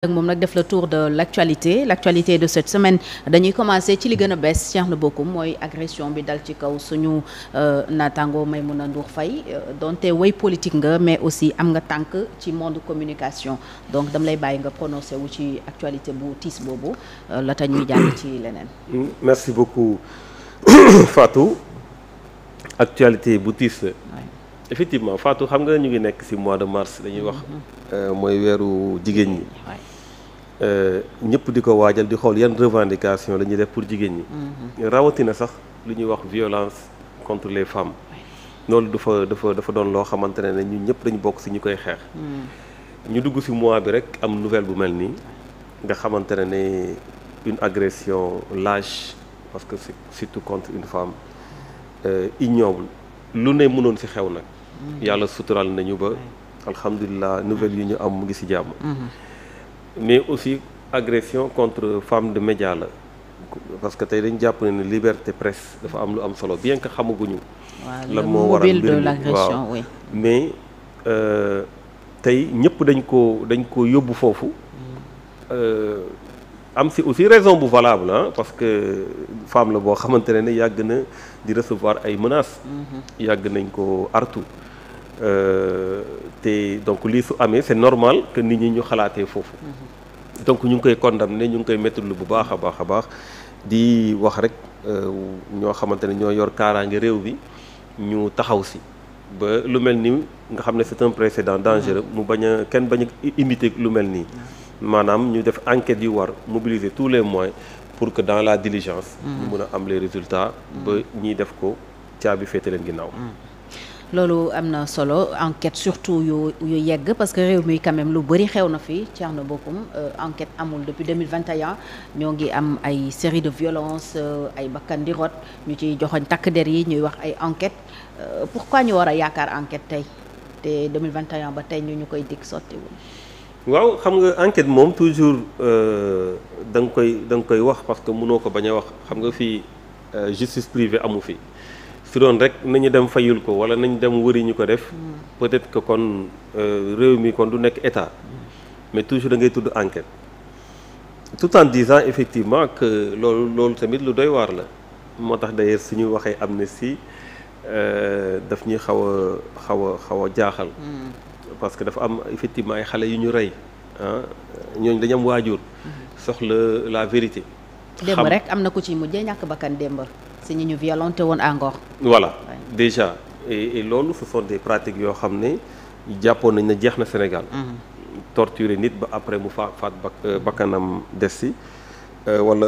ak moom nag def le tour de l'actualité l'actualité de cette semaine dañuy commencer ci li gën a bees Cheikhna Bocoum mooy agression bi dal ci kaw suñu may euh, naataango Maimouna Ndour Faye euh, donte woy politique nga mais aussi am nga tànk ci monde communication donc dam lay bàyyi nga prononcé wu ci actualité bu tiis boobu euh, la ta ñuy jàng ci leneen merci beaucoup Fatou actualité bu tiis effectivement Fatou xam nga ñu ngi nekk ci mois de mars dañuy wax mm-hmm. mooy weeru jigéen ñi Euh, ñëpp di ko waajal di xool yan revendication la ñuy def pour jigéen ñi mm-hmm. rawatina sax lu ñuy wax violence contre les femmes loolu dafa dafa dafa doon loo xamante ne ñun ñëpp dañu bokk si ñu koy xeex mm. ñu dugg si mois bi rek am nouvelle bu mel nii nga xamante ne ne une agression lâche parce que surtout contre une femme euh, ignoble lu ne mënoon si xew nag mm. yàlla sutural nañu ba alhamdulilah nouvelle yu ñu am mu ngi si jàmm mm-hmm. mais aussi agression contre femme de média la parce que tey dañ jàpp ne liberté presse dafa am lu am solo bien que xamaguñu lan moo waral mbir mi waaw mais euh, tey ñëpp dañ ko dañ ko yóbbu foofu mm. euh, am si aussi raison bu valable ah parce que femme la boo xamante ne ne yàgg na di recevoir ay menaces mm-hmm. yàgg nañ ko artu euh, te donc lii su amee c'est normal que nit ñi ñu xalaatee foofu. donc ñu ngi koy condamné ñu ngi koy méttiwul bu baax a baax a baax di wax rek euh, ñoo xamante ne ñoo yor kaaraange réew bi ñu taxaw si. ba lu mel nii nga xam ne c'est un précédent dangereux mu bañ a kenn bañ a imiter lu mel nii. maanaam ñu def enquête yu war mobiliser tous les moyens pour que dans la diligence. Mm. ñu mun a am les résultat ba ñiy def ko caabi féete leen ginnaaw. Mm. loolu am na solo enquête surtout yu yu yegg parce que réew mi quand lu bëri xew na fi na Bocoum euh, enquête amul depuis 2021 ñoo ngi am ay série de violence euh, ay bakkan di ñu ciy joxoñ takk der yi ñuy wax ay enquête euh, pourquoi ñu war a yaakaar enquête tey te 2021 ba tey ñu ñu koy dig sottiwul waaw xam nga enquête moom toujours da nga koy da nga koy wax parce que munoo ko bañ a wax xam nga fii justice privée amu fi su doon rek nañu dem fayul ko wala nañu dem wëri ñu ko def peut-être que kon euh, réew mi kon du nekk état mais toujours da ngay tudd enquête tout en disant effectivement loolu loolu tamit lu doy waar la moo tax su ñu waxee amnistie euh, daf ñuy xaw a xaw a xaw a jaaxal mm. parce que dafa am effectivement ay xale yu ñu rey ah ñooñu dañu am waajur mm. soxla la vérité démb rek am na ko ci mujjee ñàkk bakkan démb si ñi ñu violenté woon voilà ouais. déjà et, loolu ce sont des pratiques yoo xam ne jàppoon nañ ne jeex na Sénégal mm-hmm. torturer nit ba après mu faat faat euh, bakkanam des si euh, wala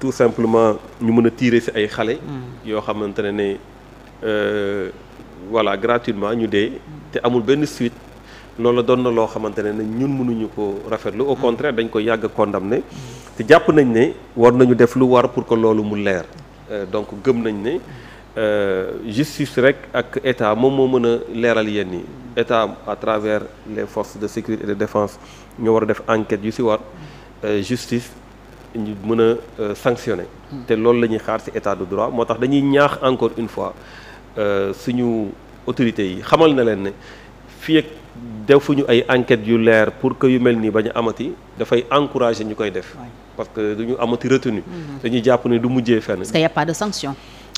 tout simplement ñu mën a tiire si ay xale mm-hmm. yoo xamante ne ne euh, voilà gratuitement ñu dee mm-hmm. te amul benn suite loolu doon na loo xamante ne ne ñun mënuñu ko rafetlu au contraire dañ ko yàgg ne te jàpp nañ ne war nañu def lu war pour que loolu mu leer Euh, donc gëm nañ ne euh, justice rek ak état moom moo mën a leeral yenn yi état à travers les forces de sécurité de défense ñoo war a def enquête yu ci war euh, justice ñu mën a sanctionner. te loolu la ñuy xaar ci état de droit moo tax dañuy ñaax encore une fois suñu autorités yi xamal na leen ne fii defuñu ay enquêtes yu leer pour que yu mel nii bañ a amati dafay encourager ñu koy def. parce que duñu amati retenu mhm. dañuy jàpp ne du mujjee fenn. parce que y' a de sanction.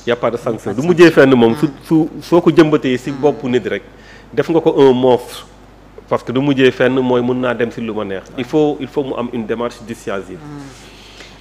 y' a pas de sanction du mujjee fenn moom ah. su su soo ko jëmbatee si mm. boppu nit rek def nga ko un moof. parce que du mujjee fenn mooy mun naa dem si lu ma neex. il faut il faut mu am une démarche dissuasive. Mm.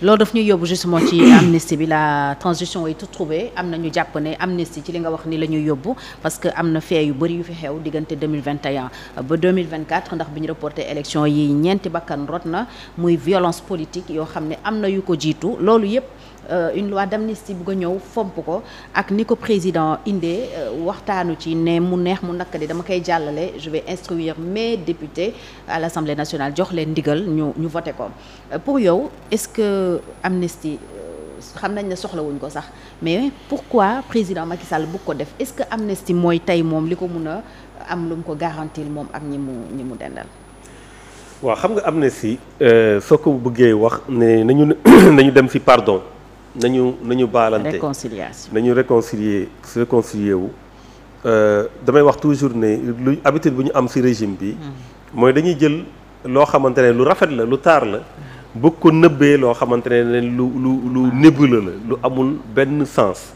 loolu daf ñuy yóbbu justement ci amnistie bi la transition est toute am na ñu jàpp ne amnistie ci li nga wax ni la ñuy yóbbu parce que am na fee yu bëri yu fi xew diggante 2021 ba 2024 ndax bi ñu reporté élection yi ñeenti bàkkan rot na muy violence politique yoo xam ne am na yu ko jiitu loolu yëpp Euh, une loi d'amnistie bu ko ñëw fomp ko ak ni ko président indee euh, waxtaanu ci ne mu neex mu nakk di dama koy jàllale je vais instruire mes députés à l'Assemblée nationale jox leen ndigal ñu ñu voté ko euh, pour yow est-ce que amnistie xam nañ ne soxlawuñ ko sax mais pour pourquoi président Macky Sall bëgg ko def est-ce que amnistie mooy tey moom li ko mun a am lu mu ko garantir moom ak ñi mu ñi mu dendal. waaw xam nga amnistie soo ko bëggee wax ne nañu nañu dem ci pardon. nañu nañu baalante réconciliation nañu réconcilier réconcilier wu euh, damay wax toujours ne lu habitude bu ñu am ci régime bi mm. mooy dañuy jël loo xamante ne lu rafet la lu taar la bëgg ko nëbbee loo xamante ne lu lu lu nébuleux la lu amul benn sens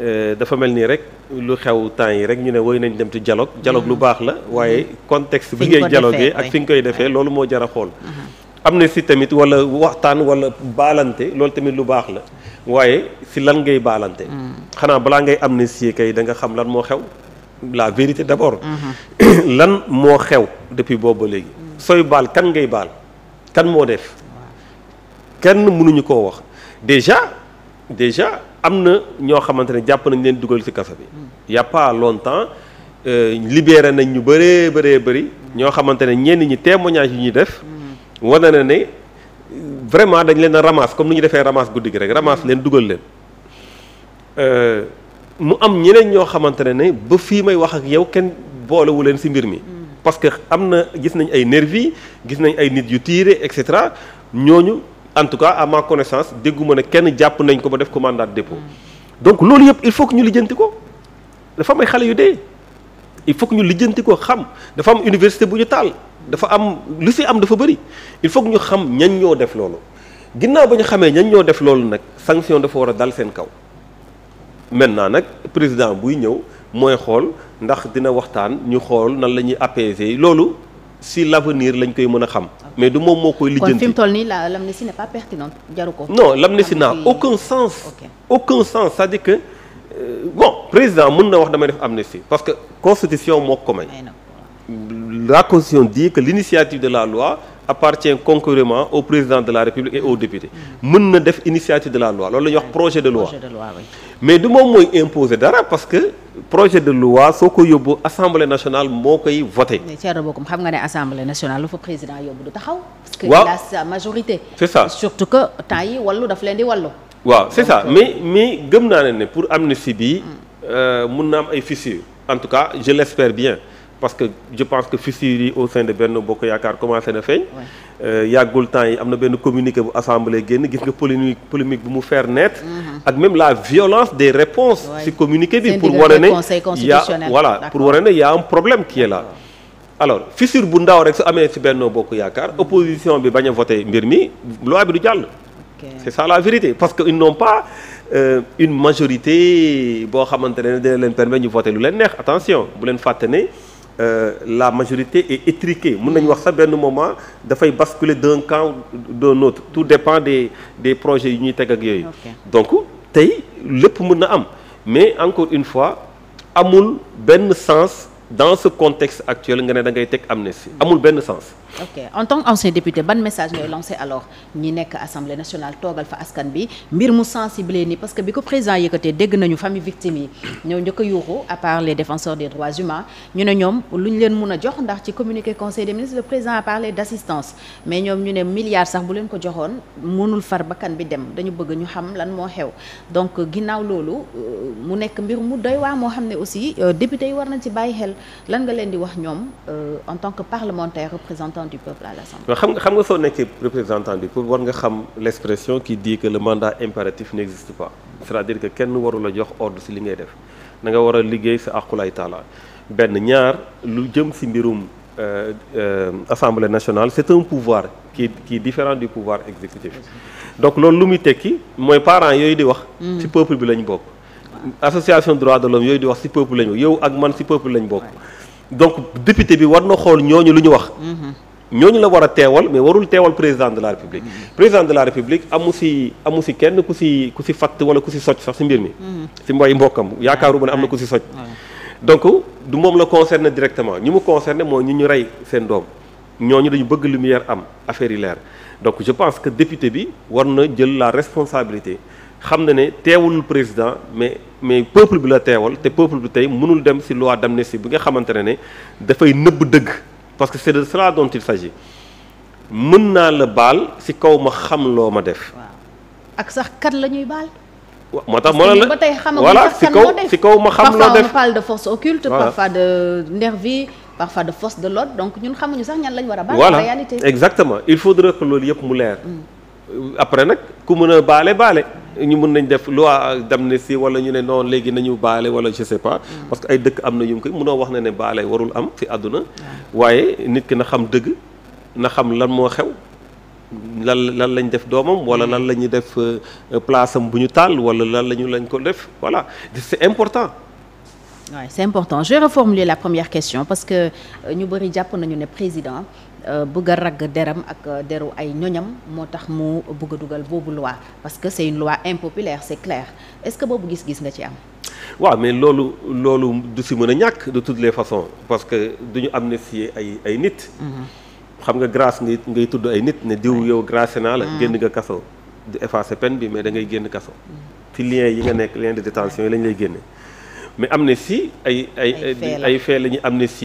euh, dafa mel nii rek lu xew temps yi rek ñu ne woy nañ dem ci jaloog dialogue lu mm. baax la waaye mm. contexte bi ngay dialogué ak fi nga koy defee loolu moo jar a xool mm-hmm. am na si tamit wala waxtaan wala baalante loolu tamit lu baax la waaye si lan ngay baalante. Hmm. xanaa balaa ngay am si kay da nga xam lan moo xew la vérité d'abord. Hmm. lan moo xew depuis boobu léegi. sooy baal kan ngay baal kan moo def. kenn mënuñu koo wax déjà déjà am na ñoo xamante ne jàpp nañ leen dugal ci kafe bi. Hmm. y a pas longtemps euh, nañ ñu bëree bëree bëri. ñoo xamante ne ñenn ñi témoignage yi ñuy def. wane na ne vraiment dañ leen a comme ni ñu defee ramasse guddi gi rek ramasse leen dugal leen euh, mu am ñeneen ñoo xamante ne ne ba fii may wax ak yow kenn boolewu leen ci mbir mi. Mm. parce que am na gis nañ ay nervi gis nañ ay nit yu tiire et cetera ñooñu en tout cas à ma connaissance dégguma ne kenn jàpp nañ ko ba def ko mandat de mm. donc loolu yëpp il faut que ñu lijjanti ko dafa am ay xale yu dee il faut que ñu lijjanti ko xam dafa am université bu ñu taal. dafa am lu si am dafa bëri il foog ñu xam ñan ñoo def loolu ginnaaw ba ñu xamee ñan ñoo def loolu nag sanction dafa war a dal seen kaw maintenant nag président buy ñëw mooy xool ndax dina waxtaan ñu xool nan la ñuy apaiser loolu si l' lañ koy mën a xam mais du moom moo koy lijjanti kon fi mu toll nii la l' amnistie n'est pas ko non l' amnistie n'a aucun sens aucun sens c'est-à-dire que euh, bon président mun na wax damay def amnistie parce que constitution moo ko may la Constitution dit que l'initiative de la loi appartient concurremment au président de la République et aux députés mën na def initiative de la loi loolu la ñuy wax projet de loi mais du moom mooy imposer dara parce que projet de loi soo ko yóbbu assemblée nationale moo koy voté. mais Thierno Bocoum xam nga ne assemblée nationale lu fa président yóbbu du taxaw. a c'est ça que temps yi wallu daf leen di wallu. waaw c'est ça mais mais gëm naa ne ne pour bi mm. euh, mun na am ay fissures parce que je pense que fissures yi au sein de Benno Bokk Yaakaar commencé na feeñ. Euh, yàggul temps yi am na benn communiqué bu assemblée génn gis nga polémique polémique bu mu faire naître. Mm-hmm. ak même la violence des réponses ci communiqué bi pour wane ne y a voilà pour wane ne y a un problème qui est là. alors fissure bu ndaw rek su amee si Benno Bokk Yaakaar mm-hmm. opposition bi bañ a voté mbir mi loi bi du jàll. c'est ça la vérité parce que ils n'ont pas euh, une majorité boo xamante ne dina leen permettre ñu lu leen neex attention bu leen fàtte Euh, la majorité est étriquée mun nañu wax sa benn moment dafay basculer d'un camp d'un autre tout dépend des des projets yu ñuy teg ak yooyu donc tey lépp mën na am mais encore une fois amul benn sens dans ce contexte actuel nga ne da ngay teg amnistie amul benn sens. ok en tant qu'ancien député ban message ngay lancé alors ñi nekk assemblée nationale toogal fa askan bi mbir mu sensible ni parce que bi ko président yëkkatee dégg nañu famille victime yi ñëw njëkk a yuuxu à part les défenseurs des droits humains ñu ne ñoom lu ñu leen mun a jox ndax ci communiqué conseil des ministres le président mais ñoom ñu ne milliards sax bu leen ko joxoon mënul far bakkan bi dem dañu bëgg ñu xam lan moo xew donc ginnaaw loolu euh, mu nekk mbir mu day waa moo xam ne aussi euh, député yi war nañ ci bàyyi xel. lan nga leen di wax ñoom euh, en tant que parlementaire représentant du peuple à l'Assemblée. xam nga xam nga soo nekkee représentant du peuple war nga xam l'expression qui dit que le mandat impératif n'existe pas c'est-à-dire que kenn waru la jox ordre ci li ngay def da nga war a liggéey sa aqulay taala benn ñaar lu jëm ci mbirum euh, euh, Assemblée nationale c'est un pouvoir kii kii est différent du pouvoir exécutif donc loolu lu muy tekki mooy parents yooyu di wax hmm. ci peuple bi lañ bokk association droit de l'homme yooyu di wax ci peuple lañu yow ak man ci peuple lañ bokk donc député bi war na xool ñooñu lu ñu wax ñooñu la war a teewal mais warul teewal président de la république président de la république amu si amu si kenn ku si ku si fatt wala ku si socc sax si mbir mi si mbooy mbokkam yaakaaru ma ne am na ku si socc donc du moom la concerné directement ñi mu concerné mooy ñu ñu rey seen doom ñooñu dañu bëgg lumière am affaire yi leer donc je pense que député bi war na jël la responsabilité xam na ne teewul président mais mais peuple bi la teewal te peuple bi tey mënul dem ci loi d'amnistie bi nga xamante ne ne dafay nëbb dëgg parce que c'est de cela dont il s'agit mën naa la baal ci kaw ma xam loo ma def. ak sax kat lañuy ñuy baal. moo tax moo la ba tey xam sax kan moo def ci kaw ma xam loo def parfois on parle de force occulte. parfois de nervi parfois de force de l'ordre donc ñun xamuñu sax ñan lañ wara a baal. exactement il faudrait que loolu yëpp mu leer. Mm. après nag ku mën a baale baale. ñu mun nañ def loi d'amnistie wala ñu ne non léegi nañu baale wala je sais pas mm. parce que ay dëkk am na yu mu koy mënoo wax na ne baale warul am fi àdduna waaye nit ki na xam dëgg na xam lan moo xew lan lan lañ def doomam wala mm. lan la ñuy def euh, place am bu ñu tàll wala lan la ñu lañ ko def voilà c'est important waaw ouais, c'est important je vais reformuler la première question parce que euh, ñu bëri jàpp nañu ne président Euh, bëgg a ragg deram ak euh, deru ay ñoñam moo tax mu bëgg a dugal boobu loi parce que c'est une loi impopulaire c'est clair est-ce que boobu gis-gis nga ci am. waaw mais loolu loolu du si mën a ñàkk du toutes les façon parce que duñu amnistier ay ay nit. Mhm. xam nga grâce ngay ngay tudd ay nit ne diw yow grâce naa la. Mhm. génn nga kaso du effacer peine bi mais da génn kaso. Mhm. ci yi nga nekk de détention yi lañ ay ay ay fee la ñu amnistie